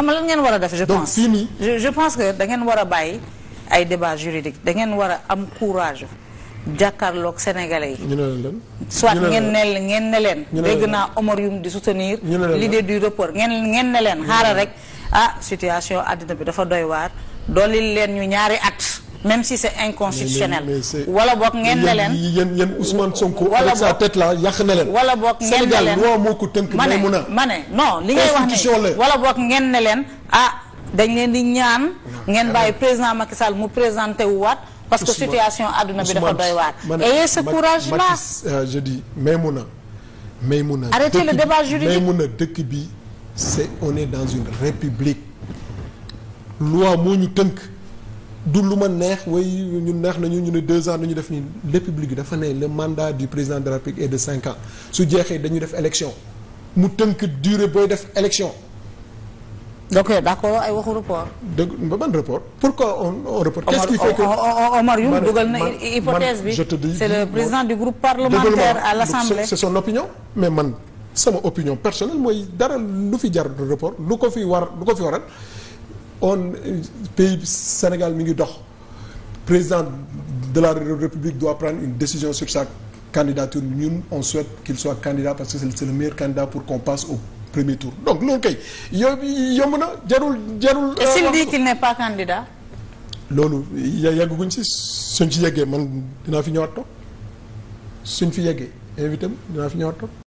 xam nga lan ngeen war a def je pense donc je pense que da ngeen war a bàyyi ay débat juridique da ngeen war a am courage jàkkaarloog sénégalais yi. ne leen soit ngeen ne ngeen ne leen. dégg naa Omar Youm di soutenir. l'idée du report ngeen ne leen xaaral rek ah situation àddina bi dafa doy waar dolli leen ñu ñaari at. même si c'est inconstitutionnel. wala boog ngeen ne leen yéen yéen Ousmane Sonko. wala boog avec sa na leen. wala boog ngeen ne leen Sénégal loi moo ma ma ne wala boog ngeen ne leen ah dañ leen di ñaan. ngeen ah, bàyyi président Macky Sall mu présenté wu waat. parce que situation àdduna bi dafa doy waar. ayez ce courage là euh, je dis Maïmouna Maïmouna arrêtez le débat juridique Maïmouna dëkk bi c'est on est dans une république loi moo ñu tënk. du lu ma neex way ñun neex nañu ñu ne deux ans nañu def nii république dafa ne le mandat du président de la République est de cinq ans su jeexee dañu def élection mu tënk durée booy def élection. donc d' ay waxu report. dëgg ba man report. pourquoi on on reporte. qu' est ce qui fait que Omar Youm na hypothèse bi c' est le président du groupe parlementaire à l' assemblée c' est son opinion mais man sama opinion personnelle mooy dara lu fi jar report lu ko fi war lu ko fi waral. on pays Sénégal mi ngi dox président de la République doit prendre une décision sur sa candidature ñun on souhaite qu'il soit candidat parce que c'est le meilleur candidat pour qu'on passe au premier tour donc loolu kay yomb na jarul jarul. et s'il euh, dit qu'il n'est pas candidat. loolu yàgguñ si suñ ci yeggee man dinaa fi ñëwaat toog suñ fi yeggee invité dinaa fi ñëwaat toog.